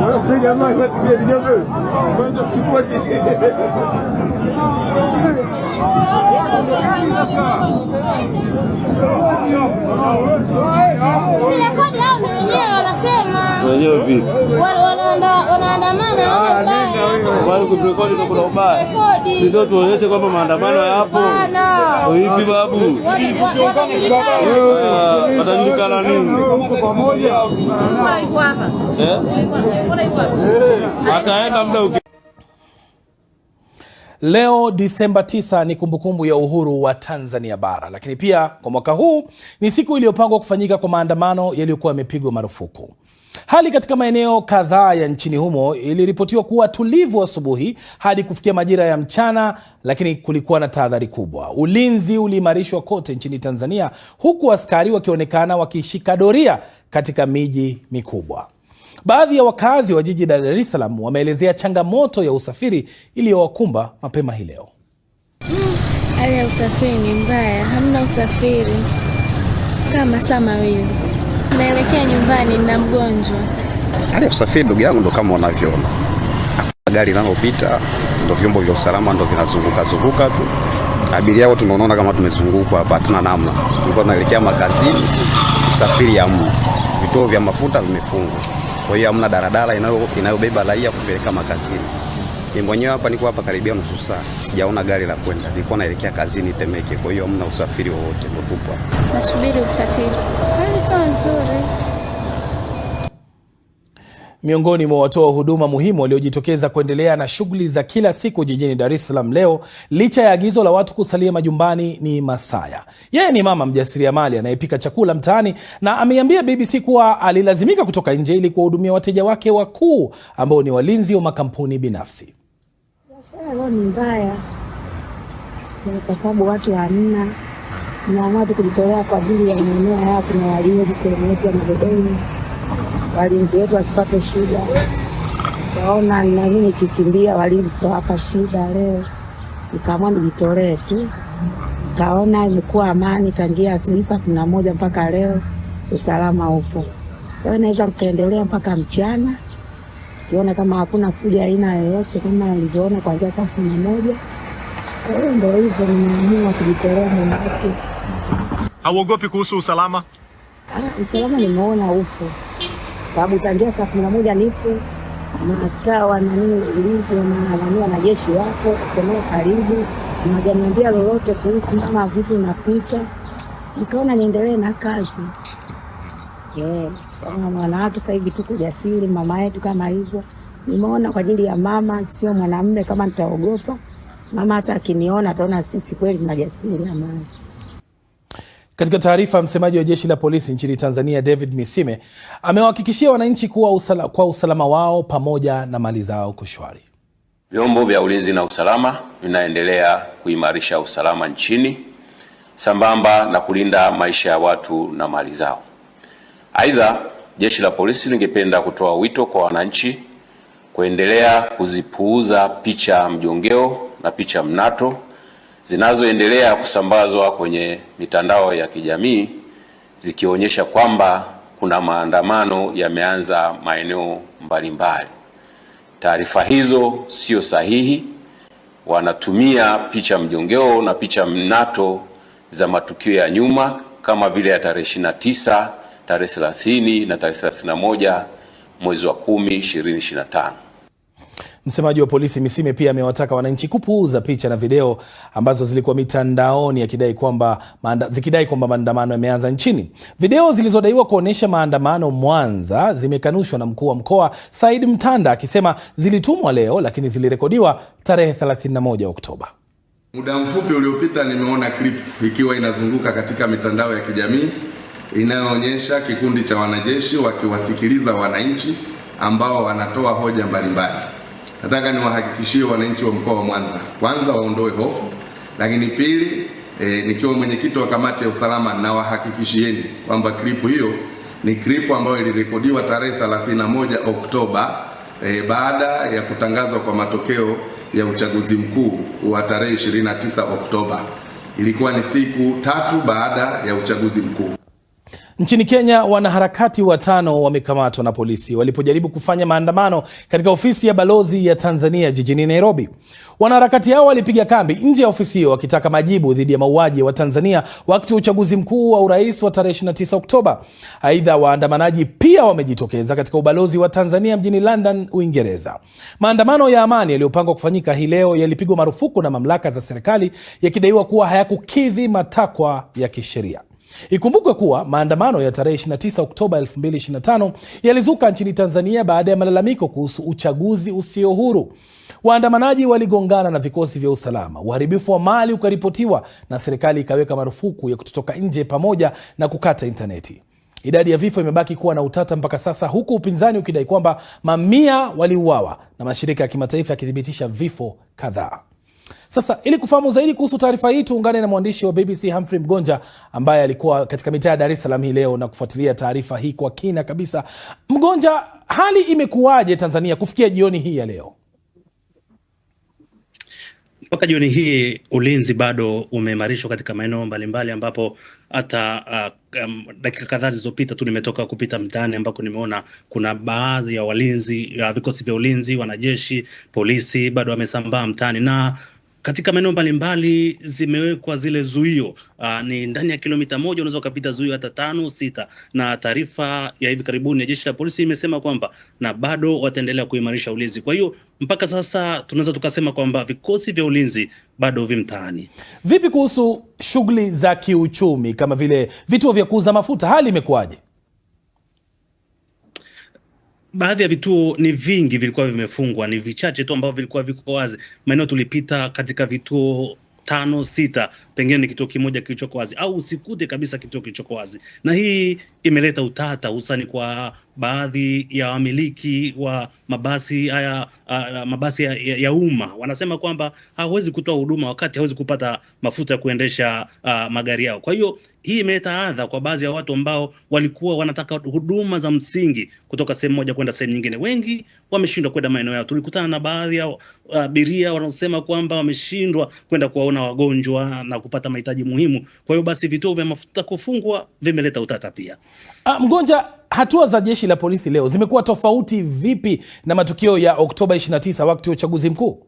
Nasıl yanlar nasıl bir yerde mi? Bence çıkma gidiyor. Silah wenyewe vipi? kuna ubaya, si ndio? Tuonyeshe kwamba maandamano yapo babu? Patajulikana nini? Ataenda Leo Disemba 9 ni kumbukumbu ya uhuru wa Tanzania bara, lakini pia kwa mwaka huu ni siku iliyopangwa kufanyika kwa maandamano yaliyokuwa yamepigwa marufuku. Hali katika maeneo kadhaa ya nchini humo iliripotiwa kuwa tulivu asubuhi hadi kufikia majira ya mchana, lakini kulikuwa na tahadhari kubwa. Ulinzi uliimarishwa kote nchini Tanzania, huku askari wakionekana wakishika doria katika miji mikubwa. Baadhi ya wakazi wa jiji Dar es Salaam wameelezea changamoto ya usafiri iliyowakumba mapema hii leo. Hali ya usafiri ni mbaya, hamna usafiri kama saa mawili Naelekea nyumbani na mgonjwa. Hali ya usafiri ndugu yangu ndo kama unavyoona, gari linalopita ndo vyombo vya usalama ndo vinazunguka zunguka tu. Abiria wote tunaona kama tumezungukwa hapa, hatuna namna. Tulikuwa tunaelekea makazini, usafiri hamna, vituo vya mafuta vimefungwa, kwa hiyo hamna daradala inayobeba inayo raia kupeleka makazini. Mimi mwenyewe hapa niko hapa karibia nusu saa, sijaona gari la kwenda, nilikuwa naelekea kazini Temeke, kwa hiyo hamna usafiri wowote, ndo tupo hapa nasubiri usafiri. Hali sio nzuri. Miongoni mwa watoa huduma muhimu waliojitokeza kuendelea na shughuli za kila siku jijini Dar es Salaam leo licha ya agizo la watu kusalia majumbani ni Masaya. Yeye ni mama mjasiriamali anayepika chakula mtaani na ameiambia BBC kuwa alilazimika kutoka nje ili kuwahudumia wateja wake wakuu ambao ni walinzi wa makampuni binafsi. Biashara leo ni mbaya kwa sababu watu hamna, naamua tu kujitolea kwa ajili ya maeneo haya. Kuna walinzi sehemu yetu ya walinzi wetu wasipate shida. Kaona nani nikikimbia walinzi tutawapa shida. Leo nikaamua nijitolee tu, kaona imekuwa amani tangia asubuhi saa kumi na moja mpaka leo, usalama upo. Leo naweza nikaendelea mpaka mchana tukiona kama hakuna fujo aina yoyote kama alivyoona kuanzia saa kumi na moja. Kwa hiyo ndo hivyo, nimeamua kujitolea muda wote. Hauogopi kuhusu usalama? Ah, usalama nimeona upo, sababu tangia saa kumi na moja nipo maaskari wananii ulinzi wananii jeshi wako keneo karibu, hawajaniambia lolote kuhusu mama, vipi unapita, nikaona niendelee na kazi. Eh, wanawake sasa hivi tuko jasiri, mama yetu kama hivyo. Nimeona kwa ajili ya mama, sio mwanamume. Kama nitaogopa mama, hata akiniona ataona sisi kweli tuna jasiri amani. Katika taarifa, msemaji wa jeshi la polisi nchini Tanzania David Misime amewahakikishia wananchi kuwa usala, kwa usalama wao pamoja na mali zao kushwari. Vyombo vya ulinzi na usalama vinaendelea kuimarisha usalama nchini sambamba na kulinda maisha ya watu na mali zao. Aidha, jeshi la polisi lingependa kutoa wito kwa wananchi kuendelea kuzipuuza picha mjongeo na picha mnato zinazoendelea kusambazwa kwenye mitandao ya kijamii zikionyesha kwamba kuna maandamano yameanza maeneo mbalimbali. Taarifa hizo sio sahihi. Wanatumia picha mjongeo na picha mnato za matukio ya nyuma kama vile ya tarehe 29 tarehe 30 na tarehe 31 mwezi wa 10 2025. Msemaji wa polisi Misime pia amewataka wananchi kupuuza picha na video ambazo zilikuwa mitandaoni akidai kwamba maanda, zikidai kwamba maandamano yameanza nchini. Video zilizodaiwa kuonyesha maandamano Mwanza zimekanushwa na mkuu wa mkoa Said Mtanda akisema zilitumwa leo lakini zilirekodiwa tarehe 31 Oktoba. Muda mfupi uliopita nimeona clip ikiwa inazunguka katika mitandao ya kijamii inayoonyesha kikundi cha wanajeshi wakiwasikiliza wananchi ambao wanatoa hoja mbalimbali. Nataka niwahakikishie wananchi wa mkoa wa Mwanza, kwanza waondoe hofu, lakini pili e, nikiwa mwenyekiti wa kamati ya usalama nawahakikishieni kwamba klipu hiyo ni klipu ambayo ilirekodiwa tarehe 31 Oktoba e, baada ya kutangazwa kwa matokeo ya uchaguzi mkuu wa tarehe 29 Oktoba. Ilikuwa ni siku tatu baada ya uchaguzi mkuu. Nchini Kenya, wanaharakati watano wamekamatwa na polisi walipojaribu kufanya maandamano katika ofisi ya balozi ya Tanzania jijini Nairobi. Wanaharakati hao walipiga kambi nje ya ofisi hiyo wakitaka majibu dhidi ya mauaji wa tanzania wakati wa uchaguzi mkuu wa urais wa tarehe 29 Oktoba. Aidha, waandamanaji pia wamejitokeza katika ubalozi wa Tanzania mjini London, Uingereza. Maandamano ya amani yaliyopangwa kufanyika hii leo yalipigwa marufuku na mamlaka za serikali yakidaiwa kuwa hayakukidhi matakwa ya kisheria. Ikumbukwe kuwa maandamano ya tarehe 29 Oktoba 2025 yalizuka nchini Tanzania baada ya malalamiko kuhusu uchaguzi usio huru. Waandamanaji waligongana na vikosi vya usalama, uharibifu wa mali ukaripotiwa, na serikali ikaweka marufuku ya kutotoka nje pamoja na kukata intaneti. Idadi ya vifo imebaki kuwa na utata mpaka sasa, huku upinzani ukidai kwamba mamia waliuawa na mashirika ya kimataifa yakithibitisha vifo kadhaa. Sasa ili kufahamu zaidi kuhusu taarifa hii, tuungane na mwandishi wa BBC Humphrey Mgonja ambaye alikuwa katika mitaa ya Dar es Salaam hii leo na kufuatilia taarifa hii kwa kina kabisa. Mgonja, hali imekuwaje Tanzania kufikia jioni hii ya leo? Mpaka jioni hii ulinzi bado umeimarishwa katika maeneo mbalimbali, ambapo hata uh, um, dakika kadhaa zilizopita tu nimetoka kupita mtaani ambako nimeona kuna baadhi ya walinzi ya uh, vikosi vya ulinzi, wanajeshi, polisi bado wamesambaa mtaani na katika maeneo mbalimbali zimewekwa zile zuio uh, ni ndani ya kilomita moja unaweza ukapita zuio hata tano sita. Na taarifa ya hivi karibuni ya jeshi la polisi imesema kwamba na bado wataendelea kuimarisha ulinzi. Kwa hiyo mpaka sasa tunaweza tukasema kwamba vikosi vya ulinzi bado vimtaani. Vipi kuhusu shughuli za kiuchumi kama vile vituo vya kuuza mafuta, hali imekuwaje? baadhi ya vituo ni vingi, vilikuwa vimefungwa, ni vichache tu ambavyo vilikuwa viko wazi. Maeneo tulipita katika vituo tano sita, pengine ni kituo kimoja kilichoko wazi, au usikute kabisa kituo kilichoko wazi, na hii imeleta utata, hususani kwa baadhi ya wamiliki wa mabasi haya uh, mabasi ya, ya, ya umma wanasema kwamba hawezi kutoa huduma wakati hawezi kupata mafuta ya kuendesha uh, magari yao. Kwa hiyo hii imeleta adha kwa baadhi ya watu ambao walikuwa wanataka huduma za msingi kutoka sehemu moja kwenda sehemu nyingine. Wengi wameshindwa kwenda maeneo yao. Tulikutana na baadhi ya abiria uh, wanaosema kwamba wameshindwa kwenda kuwaona wagonjwa na kupata mahitaji muhimu. Kwa hiyo basi vituo vya mafuta kufungwa vimeleta utata pia. Ah, mgonja, hatua za jeshi la polisi leo zimekuwa tofauti vipi na matukio ya Oktoba 29 wakati wa uchaguzi mkuu?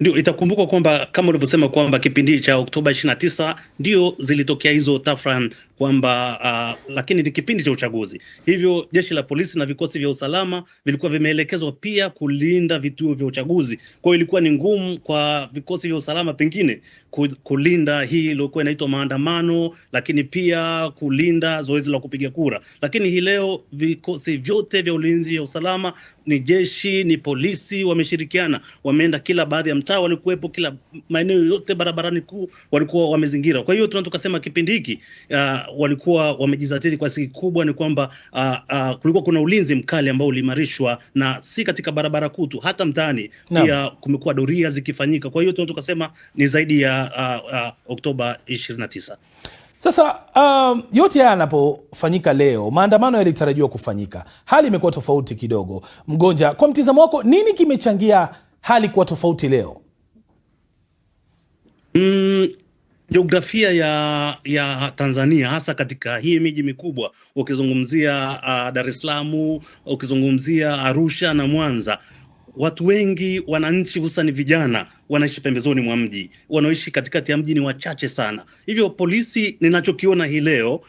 Ndio, itakumbukwa kwamba kama ulivyosema kwamba kipindi cha Oktoba 29 ndio zilitokea hizo tafran kwamba uh, lakini ni kipindi cha uchaguzi, hivyo jeshi la polisi na vikosi vya usalama vilikuwa vimeelekezwa pia kulinda vituo vya uchaguzi. Kwa hiyo ilikuwa ni ngumu kwa vikosi vya usalama pengine kulinda hii iliyokuwa inaitwa maandamano, lakini pia kulinda zoezi la kupiga kura. Lakini hii leo vikosi vyote vya ulinzi ya usalama, ni jeshi, ni polisi, wameshirikiana, wameenda kila baadhi ya mtaa walikuwepo, kila maeneo yote barabarani kuu walikuwa wamezingira. Kwa hiyo tunaweza kipindi hiki uh, walikuwa wamejizatiti kwa siki kubwa ni kwamba uh, uh, kulikuwa kuna ulinzi mkali ambao uliimarishwa, na si katika barabara kuu tu, hata mtaani pia kumekuwa doria zikifanyika. Kwa hiyo tunaweza tukasema ni zaidi ya uh, uh, Oktoba 29. Sasa um, yote haya yanapofanyika leo, maandamano yalitarajiwa kufanyika, hali imekuwa tofauti kidogo. Mgonja, kwa mtizamo wako, nini kimechangia hali kuwa tofauti leo? mm. Jiografia ya ya Tanzania hasa katika hii miji mikubwa, ukizungumzia uh, Dar es Salaam, ukizungumzia Arusha na Mwanza, watu wengi, wananchi hususani vijana, wanaishi pembezoni mwa mji, wanaoishi katikati ya mji ni wachache sana. Hivyo polisi, ninachokiona hii leo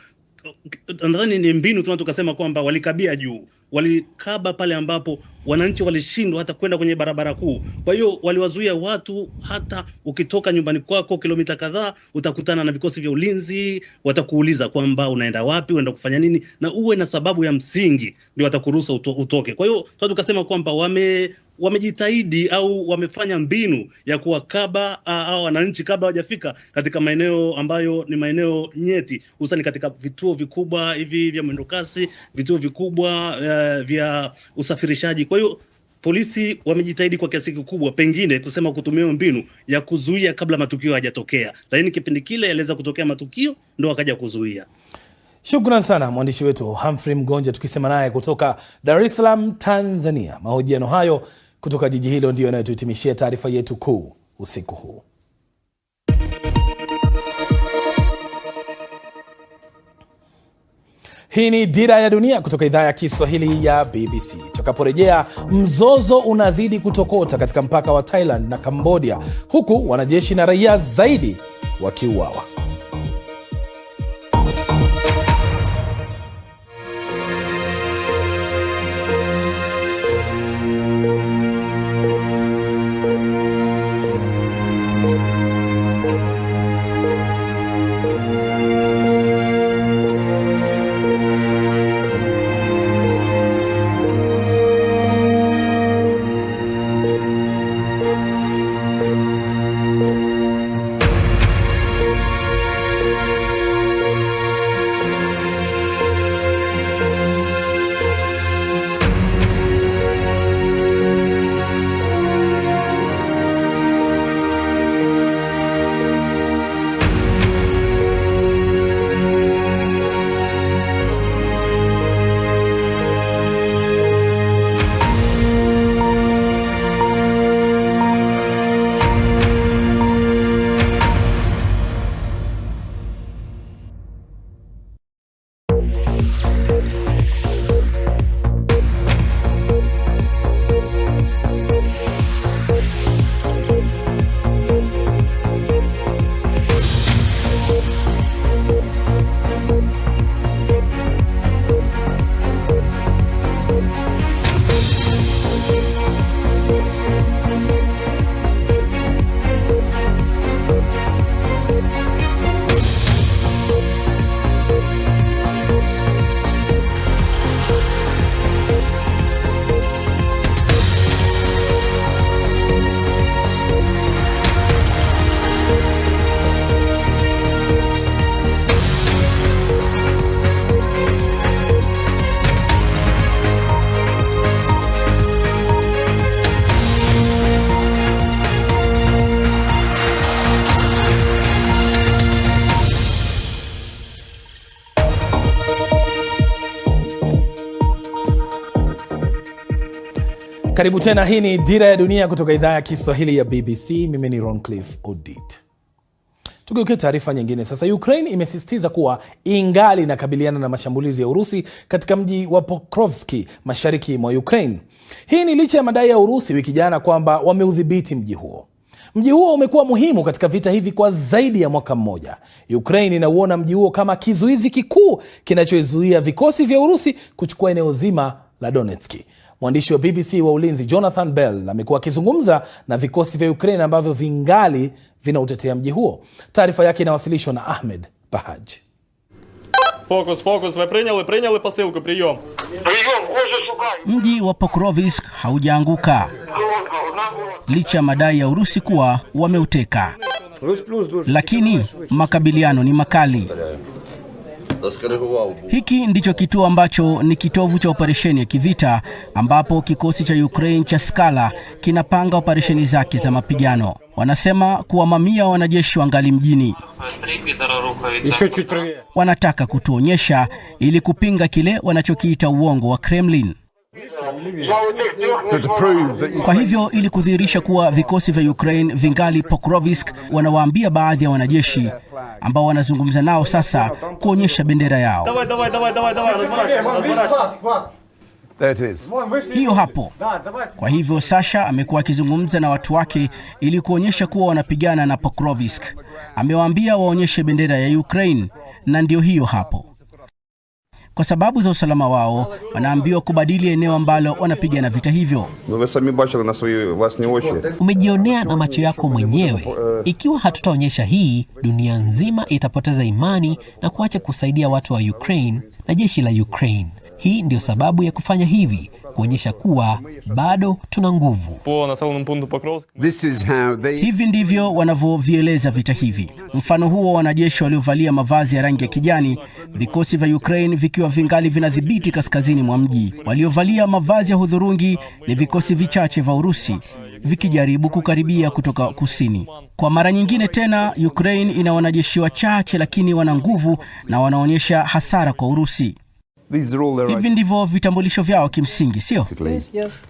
nadhani ni mbinu tuna tukasema kwamba walikabia juu, walikaba pale ambapo wananchi walishindwa hata kwenda kwenye barabara kuu. Kwa hiyo waliwazuia watu, hata ukitoka nyumbani kwako kilomita kadhaa utakutana na vikosi vya ulinzi, watakuuliza kwamba unaenda wapi, unaenda kufanya nini, na uwe na sababu ya msingi ndio watakuruhusa utoke. Kwa hiyo tukasema kwamba wame wamejitahidi au wamefanya mbinu ya kuwakaba au wananchi kabla hawajafika katika maeneo ambayo ni maeneo nyeti, hususan katika vituo vikubwa hivi vya mwendokasi, vituo vikubwa uh, vya usafirishaji. Kwa hiyo polisi wamejitahidi kwa kiasi kikubwa, pengine kusema kutumia mbinu ya kuzuia kabla matukio hayajatokea, lakini kipindi kile yaliweza kutokea matukio ndo wakaja kuzuia. Shukran sana mwandishi wetu Humphrey Mgonja tukisema naye kutoka Dar es Salaam, Tanzania. Mahojiano hayo kutoka jiji hilo ndiyo inayotuhitimishia taarifa yetu kuu usiku huu. Hii ni Dira ya Dunia kutoka idhaa ya Kiswahili ya BBC. tukaporejea mzozo unazidi kutokota katika mpaka wa Thailand na Kambodia, huku wanajeshi na raia zaidi wakiuawa. Karibu tena, hii ni Dira ya Dunia kutoka idhaa ya Kiswahili ya BBC. Mimi ni roncliff Odit. Tugeukie taarifa nyingine sasa. Ukraine imesisitiza kuwa ingali inakabiliana na mashambulizi ya Urusi katika mji wa Pokrovski mashariki mwa Ukraine. Hii ni licha ya madai ya Urusi wiki jana kwamba wameudhibiti mji huo. Mji huo umekuwa muhimu katika vita hivi kwa zaidi ya mwaka mmoja. Ukraine inauona mji huo kama kizuizi kikuu kinachozuia vikosi vya Urusi kuchukua eneo zima la Donetski. Mwandishi wa BBC wa ulinzi Jonathan Bell amekuwa akizungumza na vikosi vya Ukraine ambavyo vingali vinautetea mji huo. Taarifa yake inawasilishwa na Ahmed Bahaj. we prinyali, prinyali pasilku, Mji wa pokrovisk haujaanguka licha ya madai ya Urusi kuwa wameuteka, lakini makabiliano ni makali. Hiki ndicho kituo ambacho ni kitovu cha operesheni ya kivita ambapo kikosi cha Ukraine cha Skala kinapanga operesheni zake za mapigano. Wanasema kuwa mamia wanajeshi wangali mjini, wanataka kutuonyesha ili kupinga kile wanachokiita uongo wa Kremlin. Kwa hivyo ili kudhihirisha kuwa vikosi vya Ukraine vingali Pokrovsk, wanawaambia baadhi ya wanajeshi ambao wanazungumza nao sasa kuonyesha bendera yao. Hiyo hapo. Kwa hivyo Sasha amekuwa akizungumza na watu wake ili kuonyesha kuwa wanapigana na Pokrovsk. Amewaambia waonyeshe bendera ya Ukraine na ndiyo hiyo hapo kwa sababu za usalama wao wanaambiwa kubadili eneo ambalo wanapigana vita hivyo. Umejionea na macho yako mwenyewe. Ikiwa hatutaonyesha hii, dunia nzima itapoteza imani na kuacha kusaidia watu wa Ukraine na jeshi la Ukraine. Hii ndio sababu ya kufanya hivi kuonyesha kuwa bado tuna nguvu. hivi ndivyo wanavyovieleza vita hivi. Mfano huo wanajeshi waliovalia mavazi ya rangi ya kijani, vikosi vya Ukraine vikiwa vingali vinadhibiti kaskazini mwa mji. Waliovalia mavazi ya hudhurungi ni vikosi vichache vya Urusi vikijaribu kukaribia kutoka kusini. Kwa mara nyingine tena, Ukraine ina wanajeshi wachache, lakini wana nguvu na wanaonyesha hasara kwa Urusi. Hivi ndivyo vitambulisho vyao kimsingi, sio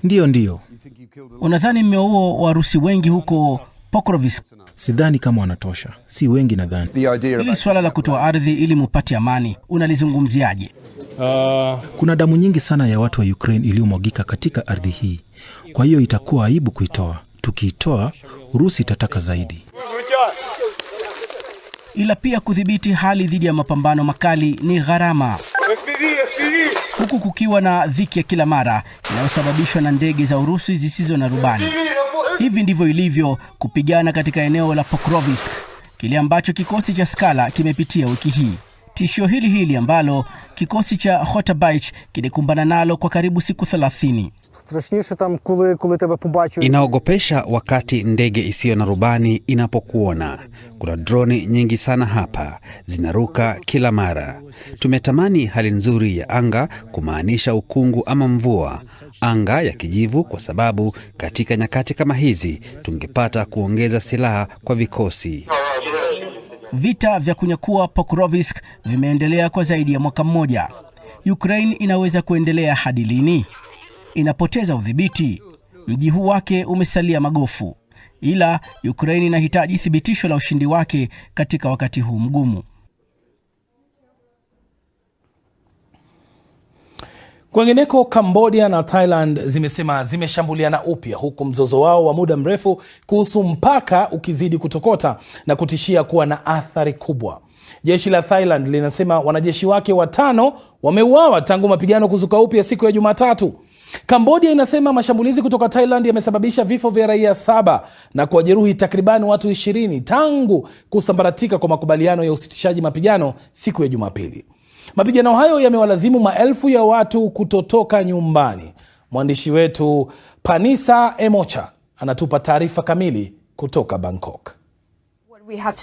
ndiyo? Ndiyo. Unadhani mmeua Warusi wengi huko pokrovis Sidhani kama wanatosha, si wengi nadhani. Hili swala la kutoa ardhi ili mupate amani unalizungumziaje? Uh, kuna damu nyingi sana ya watu wa Ukraine iliyomwagika katika ardhi hii, kwa hiyo itakuwa aibu kuitoa. Tukiitoa, Urusi itataka zaidi, ila pia kudhibiti hali dhidi ya mapambano makali ni gharama huku kukiwa na dhiki ya kila mara inayosababishwa na ndege za Urusi zisizo na rubani. Hivi ndivyo ilivyo kupigana katika eneo la Pokrovsk, kile ambacho kikosi cha Skala kimepitia wiki hii. Tishio hili hili ambalo kikosi cha Hotabach kilikumbana nalo kwa karibu siku 30 страшніше там, коли коли тебе побачу. Inaogopesha wakati ndege isiyo na rubani inapokuona. Kuna droni nyingi sana hapa, zinaruka kila mara. Tumetamani hali nzuri ya anga, kumaanisha ukungu ama mvua, anga ya kijivu, kwa sababu katika nyakati kama hizi tungepata kuongeza silaha kwa vikosi. Vita vya kunyakua Pokrovsk vimeendelea kwa zaidi ya mwaka mmoja. Ukraine inaweza kuendelea hadi lini? inapoteza udhibiti. Mji huu wake umesalia magofu, ila Ukraini inahitaji thibitisho la ushindi wake katika wakati huu mgumu. Kwengineko, Cambodia na Thailand zimesema zimeshambuliana upya huku mzozo wao wa muda mrefu kuhusu mpaka ukizidi kutokota na kutishia kuwa na athari kubwa. Jeshi la Thailand linasema wanajeshi wake watano wameuawa tangu mapigano kuzuka upya siku ya Jumatatu. Kambodia inasema mashambulizi kutoka Thailand yamesababisha vifo vya raia saba na kuwajeruhi takribani watu ishirini tangu kusambaratika kwa makubaliano ya usitishaji mapigano siku ya Jumapili. Mapigano hayo yamewalazimu maelfu ya watu kutotoka nyumbani. Mwandishi wetu Panisa Emocha anatupa taarifa kamili kutoka Bangkok. Uh,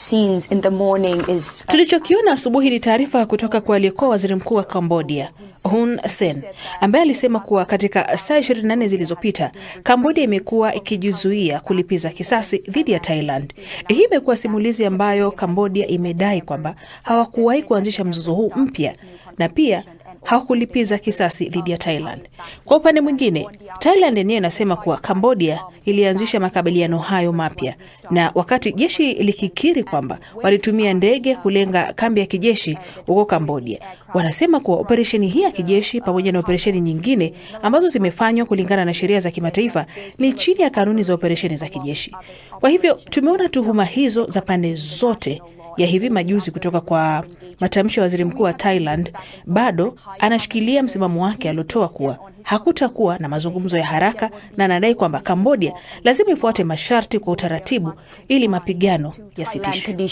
Tulichokiona asubuhi ni taarifa kutoka kwa aliyekuwa waziri mkuu wa Kambodia Hun Sen, ambaye alisema kuwa katika saa 24 zilizopita Kambodia imekuwa ikijizuia kulipiza kisasi dhidi ya Thailand. Hii imekuwa simulizi ambayo Kambodia imedai kwamba hawakuwahi kuanzisha mzozo huu mpya na pia hawakulipiza kisasi dhidi ya Thailand. Kwa upande mwingine, Thailand yenyewe inasema kuwa Kambodia ilianzisha makabiliano hayo mapya, na wakati jeshi likikiri kwamba walitumia ndege kulenga kambi ya kijeshi huko Kambodia, wanasema kuwa operesheni hii ya kijeshi pamoja na operesheni nyingine ambazo zimefanywa kulingana na sheria za kimataifa ni chini ya kanuni za operesheni za kijeshi. Kwa hivyo tumeona tuhuma hizo za pande zote ya hivi majuzi kutoka kwa matamshi ya waziri mkuu wa Thailand, bado anashikilia msimamo wake aliotoa kuwa hakutakuwa na mazungumzo ya haraka, na anadai kwamba Kambodia lazima ifuate masharti kwa utaratibu ili mapigano yasitishwe.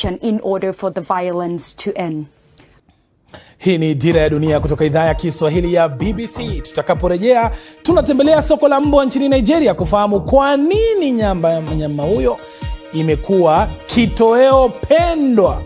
Hii ni Dira ya Dunia kutoka idhaa ya Kiswahili ya BBC. Tutakaporejea tunatembelea soko la mbwa nchini Nigeria kufahamu kwa nini nyamba mnyama huyo imekuwa kitoweo pendwa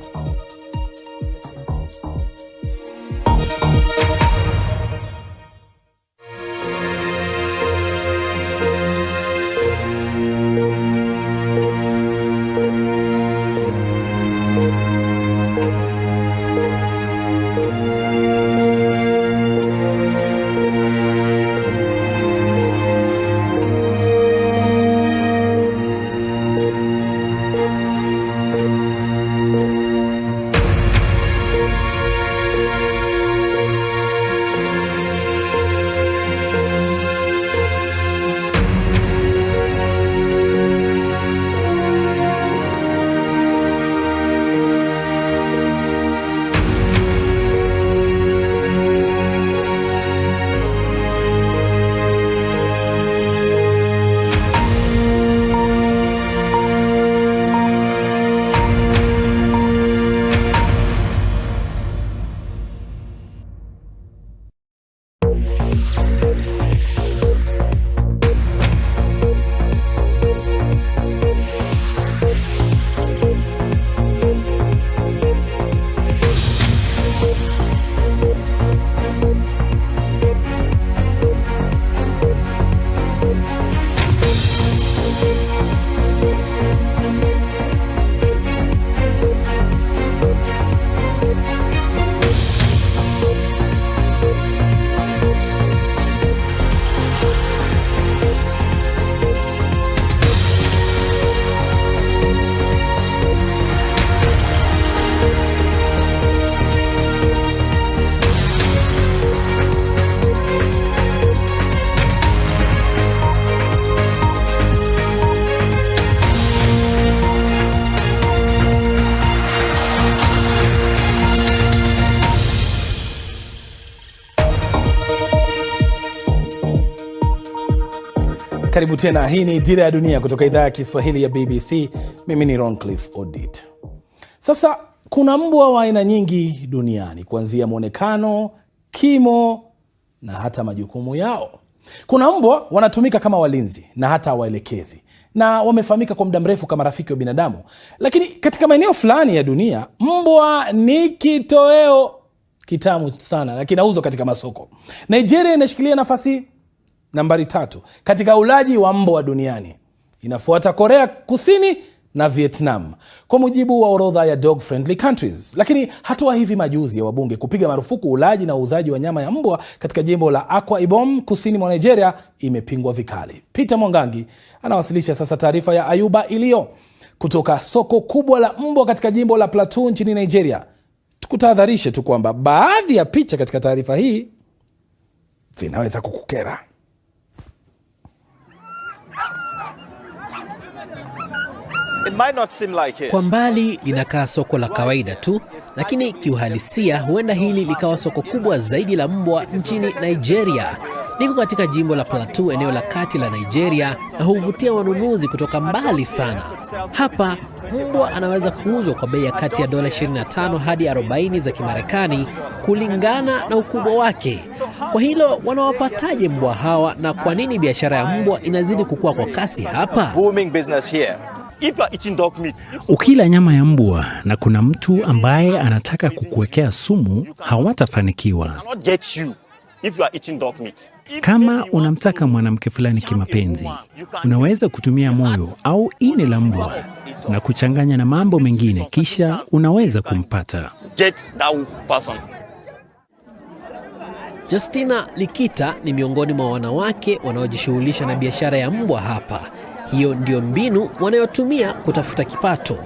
karibu tena. Hii ni Dira ya Dunia kutoka idhaa ya Kiswahili ya BBC. Mimi ni roncliff Odit. Sasa kuna mbwa wa aina nyingi duniani, kuanzia mwonekano, kimo na hata majukumu yao. Kuna mbwa wanatumika kama walinzi na hata waelekezi, na wamefahamika kwa muda mrefu kama rafiki wa binadamu, lakini katika maeneo fulani ya dunia mbwa ni kitoweo kitamu sana na kinauzwa katika masoko. Nigeria inashikilia nafasi nambari tatu katika ulaji wa mbwa duniani, inafuata Korea Kusini na Vietnam kwa mujibu wa orodha ya dog friendly countries. Lakini hatua hivi majuzi ya wabunge kupiga marufuku ulaji na uuzaji wa nyama ya mbwa katika jimbo la aqua Ibom kusini mwa Nigeria imepingwa vikali. Peter Mwangangi anawasilisha sasa taarifa ya Ayuba iliyo kutoka soko kubwa la mbwa katika jimbo la platu nchini Nigeria. Tukutahadharishe tu kwamba baadhi ya picha katika taarifa hii zinaweza kukukera. kwa mbali linakaa soko la kawaida tu, lakini kiuhalisia huenda hili likawa soko kubwa zaidi la mbwa nchini Nigeria. Liko katika jimbo la Plateau, eneo la kati la Nigeria, na huvutia wanunuzi kutoka mbali sana. Hapa mbwa anaweza kuuzwa kwa bei ya kati ya dola 25 hadi 40 za Kimarekani kulingana na ukubwa wake. Kwa hilo, wanawapataje mbwa hawa na kwa nini biashara ya mbwa inazidi kukua kwa kasi hapa? If you are eating dog meat, ukila nyama ya mbwa na kuna mtu ambaye anataka kukuwekea sumu hawatafanikiwa. Kama unamtaka mwanamke fulani kimapenzi, unaweza kutumia moyo au ini la mbwa na kuchanganya na mambo mengine, kisha unaweza kumpata. Justina Likita ni miongoni mwa wanawake wanaojishughulisha na biashara ya mbwa hapa hiyo ndiyo mbinu wanayotumia kutafuta kipato.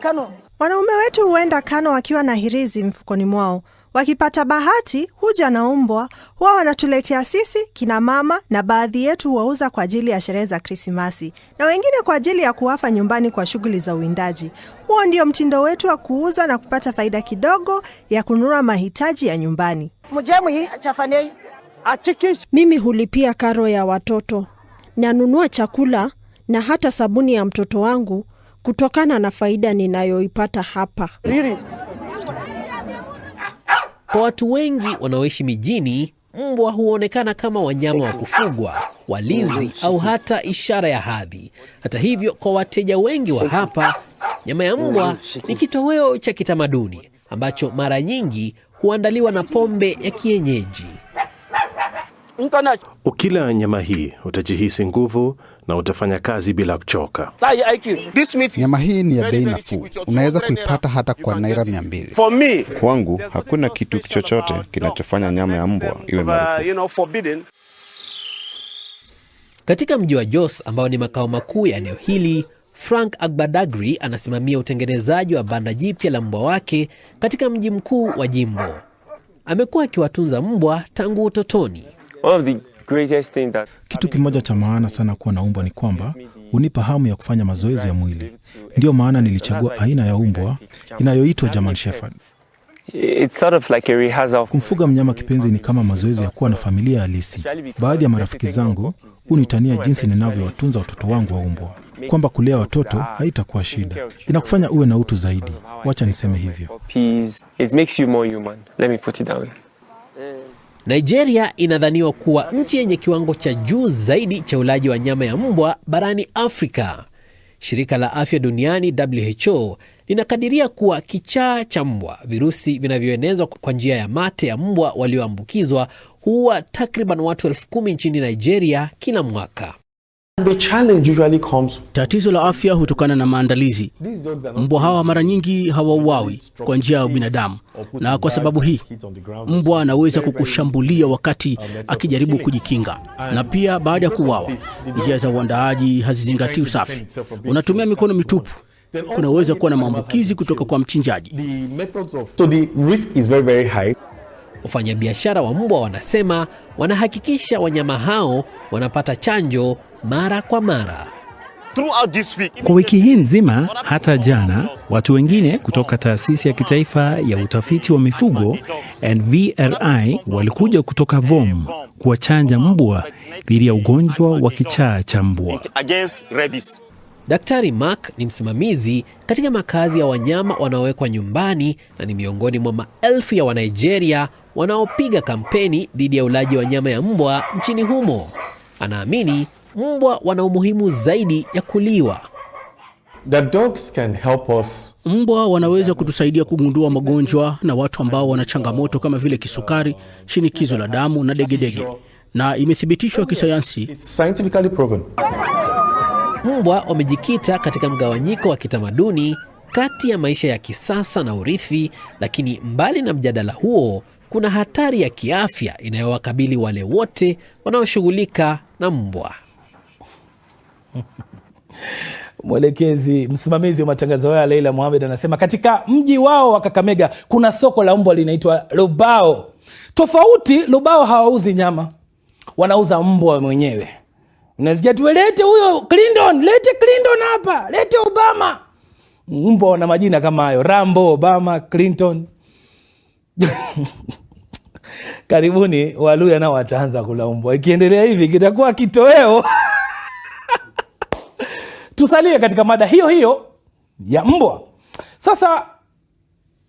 kano Wanaume wetu huenda kano wakiwa na hirizi mfukoni mwao. Wakipata bahati huja na umbwa, huwa wanatuletea sisi kina mama, na baadhi yetu huwauza kwa ajili ya sherehe za Krismasi na wengine kwa ajili ya kuwafa nyumbani kwa shughuli za uwindaji. Huo ndio mtindo wetu wa kuuza na kupata faida kidogo ya kununua mahitaji ya nyumbani. Mimi hulipia karo ya watoto nanunua chakula na hata sabuni ya mtoto wangu kutokana na faida ninayoipata hapa. Kwa watu wengi wanaoishi mijini, mbwa huonekana kama wanyama wa kufugwa, walinzi au hata ishara ya hadhi. Hata hivyo, kwa wateja wengi wa hapa, nyama ya mbwa ni kitoweo cha kitamaduni ambacho mara nyingi huandaliwa na pombe ya kienyeji. Ukila nyama hii utajihisi nguvu na utafanya kazi bila kuchoka. Nyama hii ni ya bei nafuu, unaweza kuipata hata kwa naira mia mbili. Kwangu hakuna kitu chochote kinachofanya nyama ya mbwa iwe Katika mji wa Jos ambao ni makao makuu ya eneo hili, Frank Agbadagri anasimamia utengenezaji wa banda jipya la mbwa wake katika mji mkuu wa jimbo. Amekuwa akiwatunza mbwa tangu utotoni. Kitu kimoja cha maana sana kuwa na umbwa ni kwamba hunipa hamu ya kufanya mazoezi ya mwili. Ndiyo maana nilichagua aina ya umbwa inayoitwa German Shepherd. It's sort of like a rehearsal. Kumfuga mnyama kipenzi ni kama mazoezi ya kuwa na familia halisi. Baadhi ya marafiki zangu hunitania jinsi ninavyowatunza watoto wangu wa umbwa, kwamba kulea watoto haitakuwa shida, inakufanya uwe na utu zaidi. Wacha niseme hivyo. Nigeria inadhaniwa kuwa nchi yenye kiwango cha juu zaidi cha ulaji wa nyama ya mbwa barani Afrika. Shirika la Afya Duniani WHO linakadiria kuwa kichaa cha mbwa, virusi vinavyoenezwa kwa njia ya mate ya mbwa walioambukizwa, huua takriban watu elfu kumi nchini Nigeria kila mwaka. The challenge usually comes... Tatizo la afya hutokana na maandalizi. Mbwa hawa mara nyingi hawauawi kwa njia ya binadamu, na kwa sababu hii mbwa anaweza kukushambulia wakati uh, akijaribu kujikinga, na pia baada ya kuuawa. Njia za uandaaji hazizingatii usafi, unatumia mikono mitupu, kunaweza kuwa na maambukizi kutoka kwa mchinjaji. Wafanyabiashara wa mbwa wanasema wanahakikisha wanyama hao wanapata chanjo mara kwa mara. Kwa wiki hii nzima hata jana, watu wengine kutoka taasisi ya kitaifa ya utafiti wa mifugo NVRI walikuja kutoka Vom kuwachanja mbwa dhidi ya ugonjwa wa kichaa cha mbwa. Daktari Mark ni msimamizi katika makazi ya wanyama wanaowekwa nyumbani na ni miongoni mwa maelfu ya Wanigeria wanaopiga kampeni dhidi ya ulaji wa nyama ya mbwa nchini humo. Anaamini mbwa wana umuhimu zaidi ya kuliwa. The dogs can help us. Mbwa wanaweza kutusaidia kugundua magonjwa na watu ambao wana changamoto kama vile kisukari, shinikizo la damu na degedege, na imethibitishwa kisayansi. Mbwa wamejikita katika mgawanyiko wa kitamaduni kati ya maisha ya kisasa na urithi, lakini mbali na mjadala huo, kuna hatari ya kiafya inayowakabili wale wote wanaoshughulika na mbwa. Mwelekezi msimamizi wa matangazo haya Leila Mohamed anasema katika mji wao wa Kakamega kuna soko la mbwa linaitwa Lubao. Tofauti, Lubao hawauzi nyama, wanauza mbwa mwenyewe. Unasikia tu, lete huyo Clinton, lete Clinton hapa, lete Obama. Mbwa wana majina kama hayo, Rambo, Obama, Clinton karibuni Waluya nao wataanza kulaumbwa. Ikiendelea hivi kitakuwa kitoweo. Tusalie katika mada hiyo hiyo ya mbwa. Sasa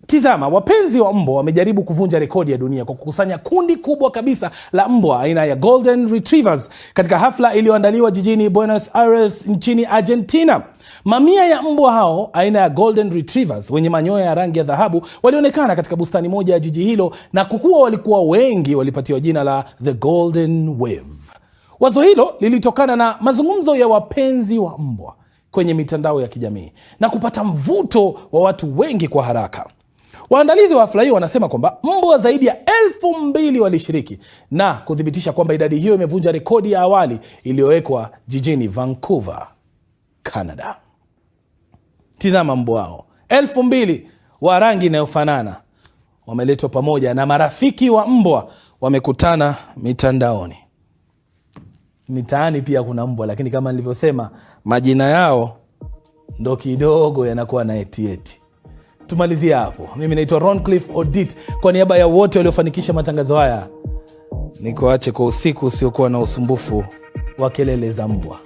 Tizama, wapenzi wa mbwa wamejaribu kuvunja rekodi ya dunia kwa kukusanya kundi kubwa kabisa la mbwa aina ya Golden Retrievers katika hafla iliyoandaliwa jijini Buenos Aires nchini Argentina. Mamia ya mbwa hao aina ya Golden Retrievers wenye manyoya ya rangi ya dhahabu walionekana katika bustani moja ya jiji hilo, na kukuwa walikuwa wengi, walipatiwa jina la The Golden Wave. Wazo hilo lilitokana na mazungumzo ya wapenzi wa mbwa kwenye mitandao ya kijamii na kupata mvuto wa watu wengi kwa haraka. Waandalizi wa hafla hiyo wanasema kwamba mbwa zaidi ya elfu mbili walishiriki na kuthibitisha kwamba idadi hiyo imevunja rekodi ya awali iliyowekwa jijini Vancouver, Canada. Tizama mbwa hao elfu mbili wa rangi inayofanana wameletwa pamoja na marafiki wa mbwa wamekutana mitandaoni. Mitaani pia kuna mbwa, lakini kama nilivyosema, majina yao ndo kidogo yanakuwa na etieti tumalizie hapo. Mimi naitwa Roncliff Odit, kwa niaba ya wote waliofanikisha matangazo haya, nikuache kwa usiku usiokuwa na usumbufu wa kelele za mbwa.